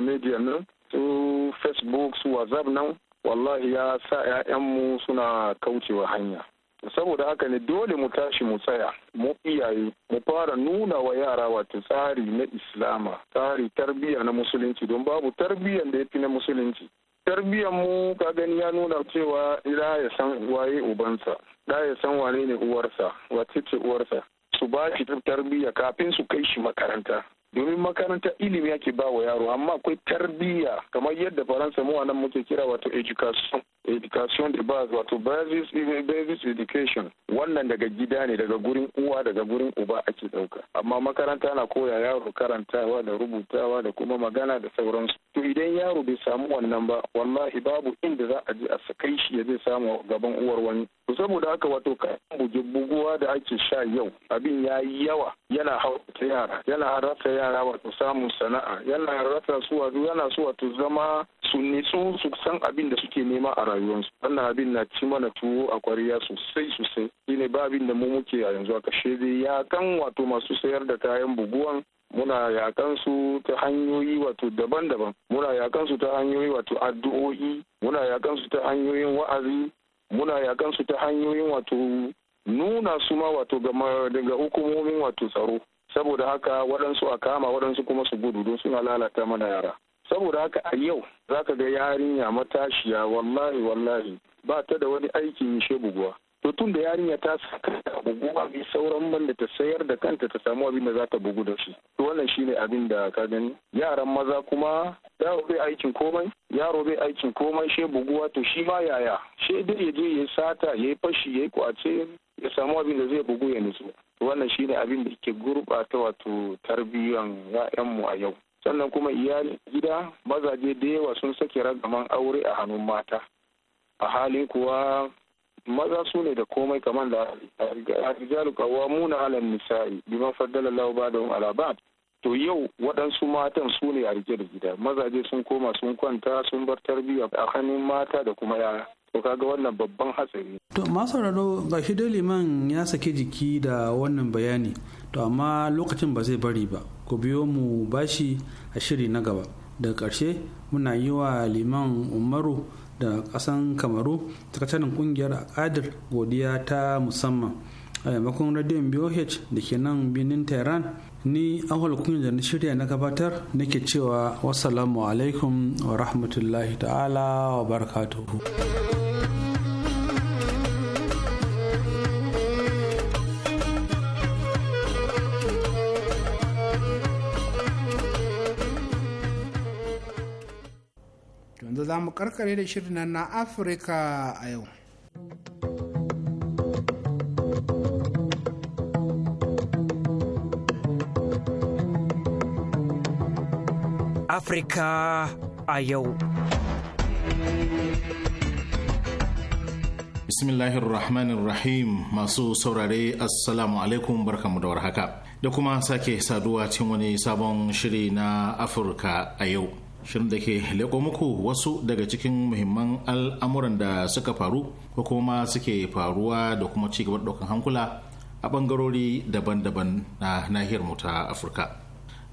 media nan su facebook su whatsapp nan wallahi ya sa 'ya'yanmu suna kaucewa hanya saboda haka ne dole mu tashi mu tsaya mu iyaye mu fara nuna wa yara wato tsari na islama tsari tarbiyya na musulunci don babu tarbiyyan da ya fi na musulunci tarbiyyar mu ka gani ya nuna cewa ila ya san waye ubansa da ya san wane ne uwarsa wace ce uwarsa su ba shi tarbiyya kafin su kai shi makaranta domin makaranta ilimi ake ba wa yaro amma akwai tarbiyya kamar yadda faransa mu nan muke kira wato education education de base wato basis basis education wannan daga gida ne daga gurin uwa daga gurin uba ake dauka amma makaranta na koya yaro karantawa da rubutawa da kuma magana da sauransu to idan yaro bai samu wannan ba wallahi babu inda za a je a sakai shi ya zai samu gaban uwar wani saboda haka wato kayan bugin buguwa da ake sha yau abin ya yi yawa yana haukata yara yana rasa yara wato samun sana'a yana rasa su wato yana su wato zama su nitsu su san abin da suke nema a rayuwarsu wannan abin na ci mana tuwo a kwariya sosai sosai shine ba abin da mu muke a yanzu a kashe dai ya kan wato masu sayar da kayan buguwan muna yakan su ta hanyoyi wato daban-daban muna yakan su ta hanyoyi wato addu'o'i muna yakan su ta hanyoyin wa'azi muna yakan su ta hanyoyin wato nuna su ma wato daga hukumomin wato tsaro saboda haka waɗansu a kama waɗansu kuma su gudu don suna lalata mana yara saboda haka a yau zaka ga yarinya matashiya wallahi wallahi ba ta da wani aikin shebuguwa buguwa mutum da yarinya ta saka da bugu a bi sauran man da ta sayar da kanta ta samu abin da za ta bugu da shi to wannan shine abin da ka gani yaran maza kuma yaro bai aikin komai yaro bai aikin komai she buguwa to shi ma yaya she dai ya je ya sata ya yi fashi ya yi kwace ya samu abin da zai bugu ya nutsu wannan shine abin da ke gurɓata wato tarbiyyan 'ya'yanmu a yau sannan kuma iyali gida mazaje da yawa sun sake ragaman aure a hannun mata a halin kuwa maza su ne da komai kamar da rijalu muna 'ala nisa'i bima faddala Allahu ba'dahum 'ala ba'd to yau waɗansu matan su ne a rike da gida mazaje sun koma sun kwanta sun bar tarbiyya a hannun mata da kuma yara to kaga wannan babban hatsari to ma sauraro ga shi dai liman ya sake jiki da wannan bayani to amma lokacin ba zai bari ba ku biyo mu bashi a shiri na gaba daga karshe muna yi wa liman umaru da kasan kamaru sakataren kungiyar akadir godiya ta musamman a yamakon radiyon boh da ke nan birnin tehran ni an kunya da na shirya na gabatar nake cewa wasu alaikum wa rahmatullahi ta'ala wa barakatuhu za mu karkare da shirin na afirka a yau Afirka a yau. Bismillahirrahmanirrahim masu saurare Assalamu alaikum barkamu da warhaka da kuma sake saduwa cikin wani sabon shiri na Afirka a yau. shirin da ke leko muku wasu daga cikin muhimman al'amuran da suka faru ko kuma suke faruwa da kuma ci gaban ɗaukan hankula a ɓangarori daban-daban na nahiyar mu ta afirka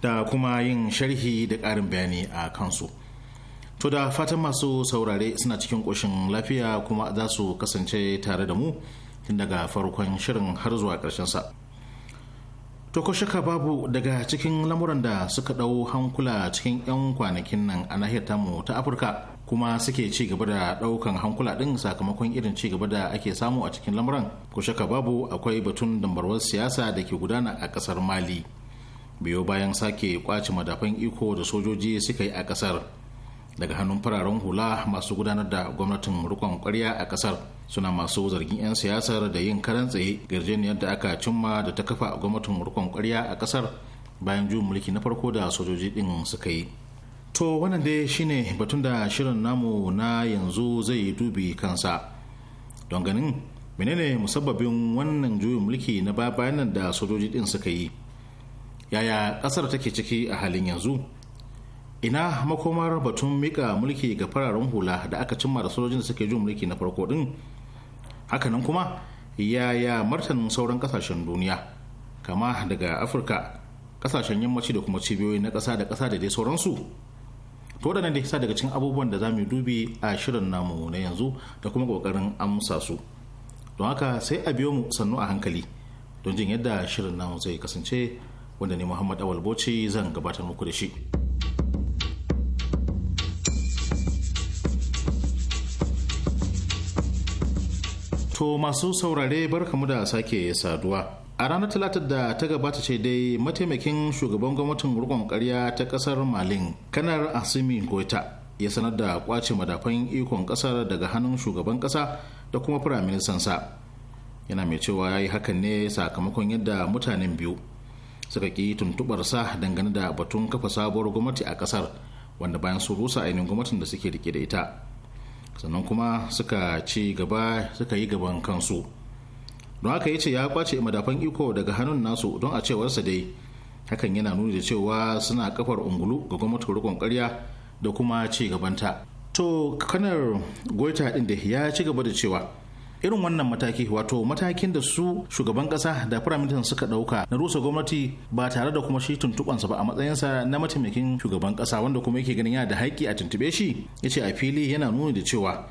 da kuma yin sharhi da ƙarin bayani a kansu to da fatan masu saurare suna cikin ƙoshin lafiya kuma za su kasance tare da mu tun daga farkon shirin har zuwa ƙarshen sa To ko shaka babu daga cikin lamuran da suka ɗau hankula cikin 'yan kwanakin nan a nahiyar tamu ta Afirka kuma suke ci gaba da ɗaukan hankula ɗin sakamakon irin ci gaba da ake samu a cikin lamuran. Ko shaka babu akwai batun dambarwar siyasa da ke gudana a ƙasar Mali. Biyo bayan sake kwace madafan iko da sojoji suka yi a ƙasar. daga hannun fararen hula masu gudanar da gwamnatin rikon kwarya a kasar suna masu zargin 'yan siyasar da yin karan tsaye yarjejeniyar da aka cimma da ta kafa gwamnatin rikon kwarya a kasar bayan juyin mulki na farko da sojoji din suka yi to wannan dai shine batun da shirin namu na yanzu zai dubi kansa don ganin menene musabbabin wannan juyin mulki na ba bayanan da sojoji din suka yi yaya ƙasar take ciki a halin yanzu ina makomar batun mika mulki ga fararen hula da aka cimma da sojojin da suke jin mulki na farko din hakanan kuma yaya martanin sauran kasashen duniya kama daga afirka kasashen yammaci da kuma cibiyoyi na ƙasa da kasa da dai sauransu to nan da kisa daga cikin abubuwan da za mu dubi a shirin namu na yanzu da kuma ƙoƙarin amsa su don haka sai a biyo mu sannu a hankali don jin yadda shirin namu zai kasance wanda ne muhammad awal bauchi zan gabatar muku da shi. To masu saurare barkamu da sake saduwa. A ranar talatar da ta gabata ce dai mataimakin shugaban gwamnatin rikon karya ta kasar Malin, kanar Asimi Goita, ya sanar da kwace madafan ikon kasar daga hannun shugaban kasa da kuma firaministan sa. Yana mai cewa ya yi hakan ne sakamakon yadda mutanen biyu suka ki tuntubar sa dangane da batun kafa sabuwar gwamnati a kasar wanda bayan su rusa ainihin gwamnatin da suke rike da ita. sannan kuma suka ci gaba suka yi gaban kansu don haka ya ce ya kwace madafan iko daga hannun nasu don a cewarsa dai hakan yana nuni da cewa suna kafar ungulu ga gwamnatin rikon karya da kuma ci gabanta to kanar goita din da ya ci gaba da cewa irin wannan mataki wato matakin da su shugaban kasa da firaministan suka dauka na rusa gwamnati ba tare da kuma shi tuntubansa ba a matsayinsa na mataimakin shugaban kasa wanda kuma yake ganin yana da haƙƙi a tuntube shi ya ce a fili yana nuni da cewa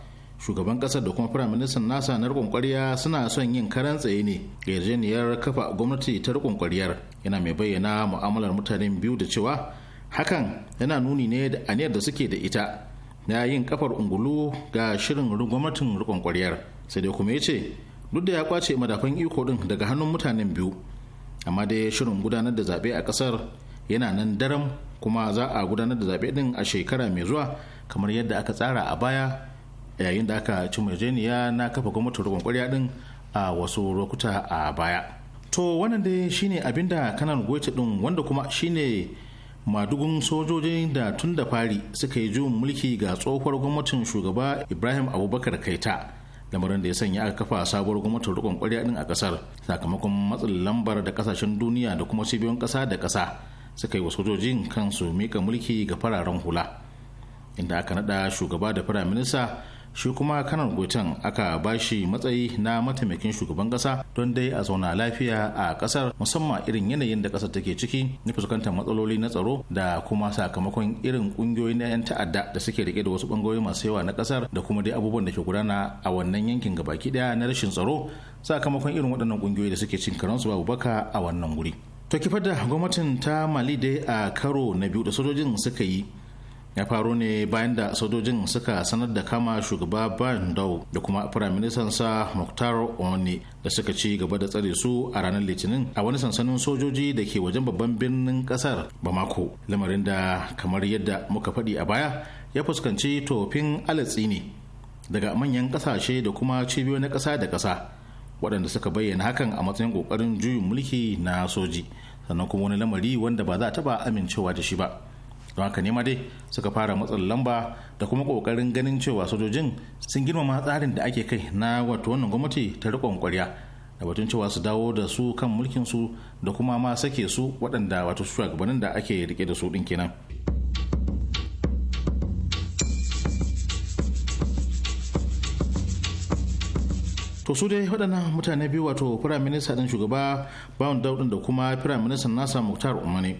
shugaban kasar da kuma firaministan nasa na rikon kwariya suna son yin karan tsaye ne ga yarjejeniyar kafa gwamnati ta rikon kwariyar yana mai bayyana mu'amalar mutanen biyu da cewa hakan yana nuni ne da aniyar da suke da ita na yin kafar ungulu ga shirin gwamnatin rikon kwariyar sai dai kuma ya ce duk da ya kwace madafan iko din daga hannun mutanen biyu amma dai shirin gudanar da zaɓe a ƙasar yana nan daram kuma za a gudanar da zaɓe din a shekara mai zuwa kamar yadda aka tsara a baya yayin da aka ci majeniya na kafa gwamnatin rukun kwarya din a wasu lokuta a baya to wannan dai shine abinda kanan goce din wanda kuma shine madugun sojojin da tun da fari suka yi juyin mulki ga tsohuwar gwamnatin shugaba ibrahim abubakar kaita lamarin da ya sanya aka kafa sabuwar gwamnatin rikon kwarya din a kasar sakamakon matsin lambar da kasashen duniya da kuma cibiyoyin kasa da kasa suka yi wa sojojin kansu mika mulki ga fararen hula inda aka nada shugaba da firaminista shi kuma kanar gotan aka bashi matsayi na mataimakin shugaban kasa don dai a zauna lafiya a kasar musamman irin yanayin da kasar take ciki na fuskantar matsaloli na tsaro da kuma sakamakon irin kungiyoyi na 'yan ta'adda da suke rike da wasu bangoyi masu yawa na kasar da kuma dai abubuwan da ke gudana a wannan yankin gabaki daya na rashin tsaro sakamakon irin waɗannan kungiyoyi da suke cin karansu babu baka a wannan guri to da gwamnatin ta mali dai a karo na biyu da sojojin suka yi ya faru ne bayan da sojojin suka sanar da kama shugaba bayan dau da kuma sa muktar oni da suka ci gaba da tsare su a ranar litinin a wani sansanin sojoji da ke wajen babban birnin kasar bamako lamarin da kamar yadda muka faɗi a baya ya fuskanci tofin alatsi ne daga manyan kasashe da kuma cibiyoyi na kasa da kasa waɗanda suka bayyana hakan a matsayin ƙoƙarin juyin mulki na soji sannan kuma wani lamari wanda ba za a taɓa amincewa da shi ba don haka nema dai suka fara matsin lamba da kuma kokarin ganin cewa sojojin sun girmama tsarin da ake kai na wato wannan gwamnati ta rikon kwarya da batun cewa su dawo da su kan mulkin su da kuma ma sake su waɗanda wato shugabannin da ake rike da su ɗin kenan to su dai waɗannan mutane biyu wato firayim ministan ɗin shugaba bawon daudin da kuma firayim ministan nasa muktar umani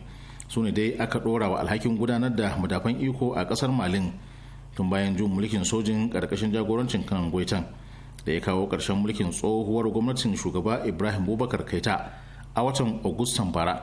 su ne dai aka ɗora wa alhakin gudanar da madafan iko a ƙasar malin tun bayan jin mulkin sojin ƙarƙashin jagorancin kan goitan da ya kawo ƙarshen mulkin tsohuwar gwamnatin shugaba ibrahim bubakar kaita a watan augustan bara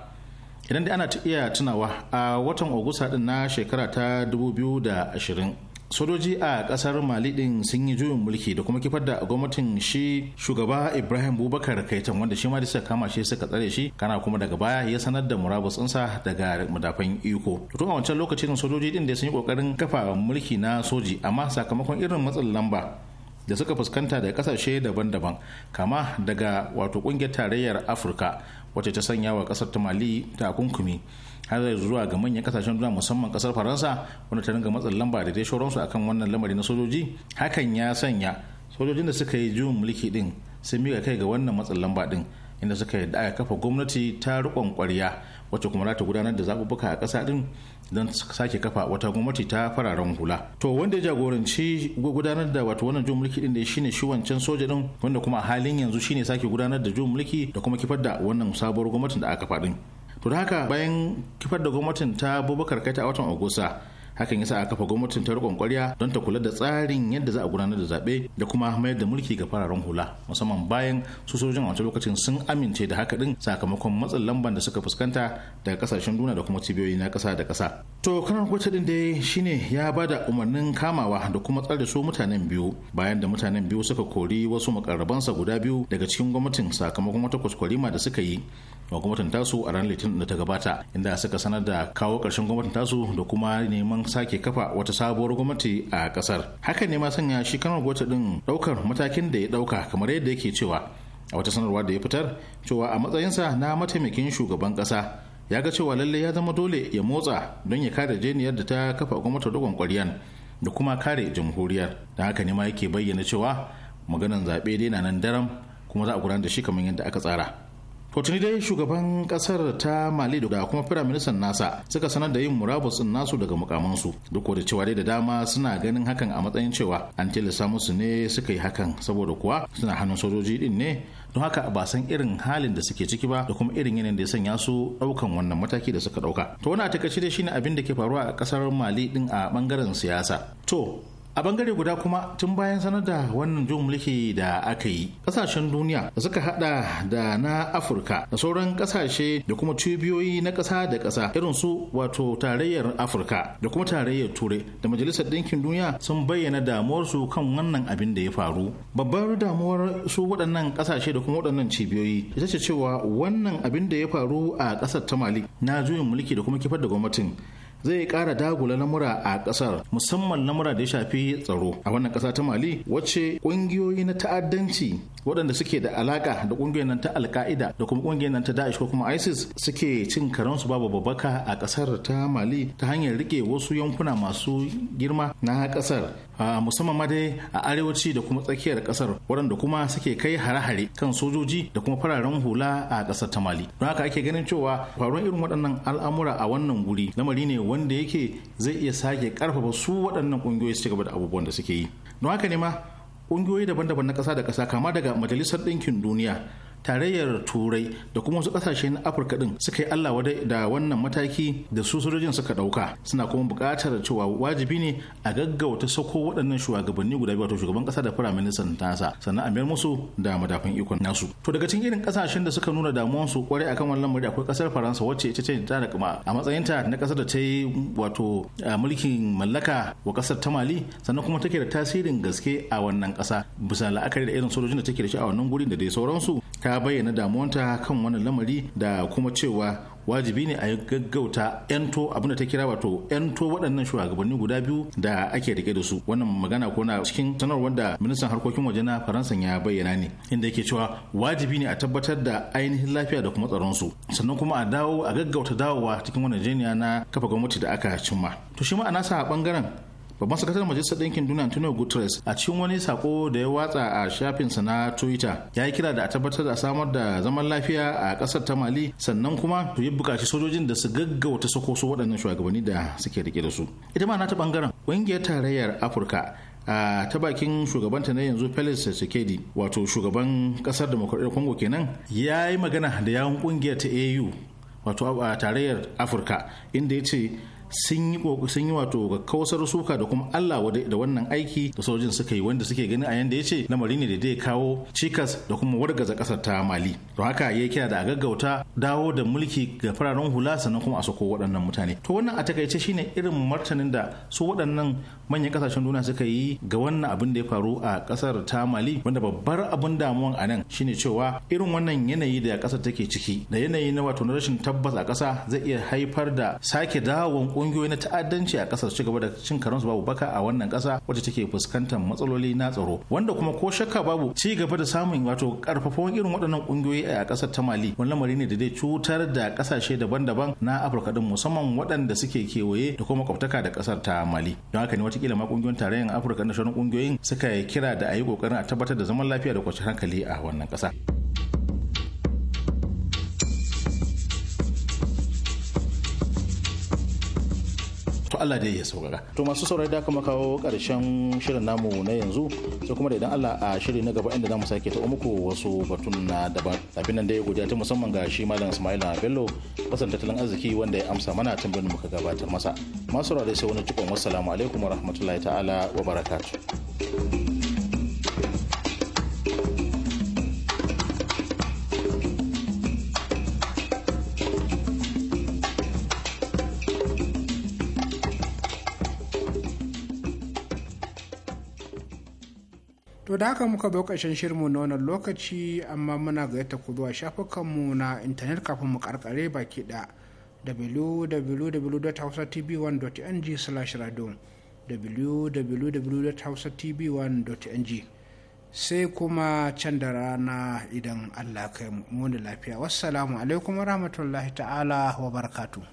idan dai ana iya tunawa a watan augusta din na shekara ta 2020 sojoji a kasar mali din sun yi juyin mulki da kuma kifar da gwamnatin shi shugaba ibrahim bubakar kaitan wanda shi ma da suka kama shi suka tsare shi kana kuma daga baya ya sanar da murabus sa daga madafan iko tun a wancan lokacin sojoji din da sun yi kokarin kafa mulki na soji amma sakamakon irin matsin lamba da suka fuskanta da kasashe daban-daban kama daga wato kungiyar tarayyar afirka wacce ta sanya wa kasar ta mali takunkumi har da zuwa ga manyan kasashen duniya musamman kasar faransa wanda ta ringa matsin lamba da dai shauransu akan wannan lamari na sojoji hakan ya sanya sojojin da suka yi juyin mulki din sun miƙa kai ga wannan matsin lamba din inda suka yi da aka kafa gwamnati ta riƙon ƙwarya wacce kuma za ta gudanar da zaɓuɓɓuka a ƙasa din don sake kafa wata gwamnati ta fararen hula to wanda ya jagoranci gudanar da wato wannan jun mulki din da shine shi wancan soja din wanda kuma a halin yanzu shine sake gudanar da jun mulki da kuma kifar da wannan sabuwar gwamnatin da aka faɗin to da haka bayan kifar da gwamnatin ta Abubakar Kaita a watan Agusta hakan yasa a kafa gwamnatin ta rikon kwarya don ta kula da tsarin yadda za a gudanar da zaɓe da kuma mayar da mulki ga fararen hula musamman bayan su sojojin a lokacin sun amince da haka din sakamakon matsin lamban da suka fuskanta daga kasashen duna da kuma cibiyoyi na kasa da kasa. to kanar kwata din dai shine ya ba da umarnin kamawa da kuma tsare su mutanen biyu bayan da mutanen biyu suka kori wasu makarrabansa guda biyu daga cikin gwamnatin sakamakon wata kwaskwarima da suka yi wa gwamnatin tasu a ranar litinin da ta gabata inda suka sanar da kawo ƙarshen gwamnatin tasu da kuma neman sake kafa wata sabuwar gwamnati a ƙasar haka ne ma sanya shi kanar gwamnati din ɗaukar matakin da ya ɗauka kamar yadda yake cewa a wata sanarwa da ya fitar cewa a matsayinsa na mataimakin shugaban ƙasa ya ga cewa lallai ya zama dole ya motsa don ya kare jeniyar da ta kafa gwamnatin dogon ƙwaryan da kuma kare jamhuriyar da haka ne ma yake bayyana cewa maganan zaɓe dai na nan daram kuma za a gudanar da shi kamar yadda aka tsara To dai shugaban kasar ta Mali da kuma firaministan nasa suka sanar da yin murabus din nasu daga mukamansu duk da cewa dai da dama suna ganin hakan a matsayin cewa an tilasta musu ne suka yi hakan saboda kuwa suna hannun sojoji din ne don haka ba san irin halin da suke ciki ba da kuma irin yanayin da ya sanya su daukan wannan mataki da suka dauka to wani a takaice dai shine abin da ke faruwa a kasar Mali din a bangaren siyasa to a bangare guda kuma tun bayan sanar da wannan jin mulki da aka yi kasashen duniya da suka hada da na afirka da sauran kasashe da kuma cibiyoyi na kasa da kasa irin su wato tarayyar afirka da kuma tarayyar turai da majalisar Dinkin duniya sun bayyana damuwarsu kan wannan abin da ya faru babbar damuwar su waɗannan kasashe da kuma waɗannan cibiyoyi ita ce cewa wannan abin da ya faru a ƙasar ta mali na juyin mulki da kuma kifar da gwamnatin zai kara dagula lamura a kasar musamman lamura da ya shafi tsaro a wannan kasa ta mali wacce kungiyoyi na ta'addanci waɗanda suke da alaka da kungiyar nan ta alka'ida da kuma kungiyar nan ta da'ish ko kuma isis suke cin karansu babu babaka a ƙasar ta mali ta hanyar riƙe wasu yankuna masu girma na ƙasar. musamman ma dai a arewaci da kuma tsakiyar kasar waɗanda kuma suke kai hare-hare kan sojoji da kuma fararen hula a ƙasar ta mali don haka ake ganin cewa faruwar irin waɗannan al'amura a wannan guri lamari ne wanda yake zai iya sake ƙarfafa su waɗannan ƙungiyoyi su ci da abubuwan da suke yi don haka ne ma ƙungiyoyi daban-daban na ƙasa da ƙasa kama daga majalisar ɗinkin duniya tarayyar turai da kuma wasu kasashe na afirka din suka yi allah wadai da wannan mataki da su sojojin suka dauka suna kuma bukatar cewa wajibi ne a gaggauta sako waɗannan shugabanni guda biyu wato shugaban ƙasa da firaministan tasa sannan a mayar musu da madafin ikon nasu to daga cikin irin kasashen da suka nuna su kwarai akan wannan lamari akwai kasar faransa wacce ita ce ta kuma a ta na kasar da ta yi wato mulkin mallaka wa kasar ta mali sannan kuma take da tasirin gaske a wannan kasa bisa la'akari da irin sojojin da take da shi a wannan guri da dai sauransu ta bayyana damuwanta kan wannan lamari da kuma cewa wajibi ne a gaggauta 'yanto abinda ta kira wato 'yanto waɗannan shugabanni guda biyu da ake rike da su wannan magana ko na cikin sanarwar da ministan harkokin waje na faransa ya bayyana ne inda yake cewa wajibi ne a tabbatar da ainihin lafiya da kuma tsaron su sannan kuma a dawo a gaggauta dawowa cikin wannan jeniya na kafa gwamnati da aka cimma to shi ma a bangaren babban sakataren majalisar ɗinkin duniya antonio guterres a cikin wani sako da ya watsa a shafinsa na twitter ya yi kira da a tabbatar da samar da zaman lafiya a ƙasar ta mali sannan kuma to yi buƙaci sojojin da su gaggawa ta sako su waɗannan shugabanni da suke riƙe da su ita ma na ta ɓangaren ƙungiyar tarayyar afirka a ta bakin shugabanta na yanzu Felix Tshisekedi wato shugaban kasar demokuraɗiyar Congo kenan ya yi magana da yawon ƙungiyar ta AU wato a tarayyar Afirka inda ya ce sun yi sun yi wato kausar suka da kuma Allah da wannan aiki da sojin suka yi wanda suke gani a yanda ya ce lamari ne da zai kawo cikas da kuma wargaza kasar ta Mali don haka ya kira da a gaggauta dawo da mulki ga fararen hula sannan kuma a sako waɗannan mutane to wannan a takaice shine irin martanin da su waɗannan manyan kasashen duniya suka yi ga wannan abin da ya faru a kasar ta Mali wanda babbar abin damuwan a nan shine cewa irin wannan yanayi da kasar take ciki da yanayi na wato na rashin tabbas a ƙasa zai iya haifar da sake dawon kungiyoyi na ta'addanci a kasar ci gaba da cin karansu babu baka a wannan kasa wacce take fuskantar matsaloli na tsaro wanda kuma ko shakka babu ci gaba da samun wato karfafawan irin waɗannan kungiyoyi a kasar ta Mali wani lamari ne da zai cutar da kasashe daban-daban na Afirka din musamman waɗanda suke kewaye da kuma kwaftaka da kasar ta Mali don haka ne watakila ma kungiyoyin tarayyar Afirka na shirin kungiyoyin suka kira da a yi kokarin a tabbatar da zaman lafiya da kwanciyar hankali a wannan kasa. Allah dai ya saurara to masu saurari da kuma kawo karshen shirin namu na yanzu sai kuma da idan Allah a shiri na gaba inda zamu sake ta muku wasu batun na daban abin nan dai godiya ta musamman ga shi malam Ismaila Bello kasan tattalin arziki wanda ya amsa mana tambayar muka gabatar masa masu saurari sai wani cikon wassalamu alaikum rahmatullahi ta'ala wa barakatuh da haka muka zo ƙarshen shirinmu na wannan lokaci amma muna gayyata ku zuwa shafukanmu na intanet kafin mu karkare baki da www.hausatv1.ng slash radio www.hausatv1.ng sai kuma can da rana idan allah kai mu da lafiya wassalamu alaikum wa rahmatullahi ta'ala wa barakatu.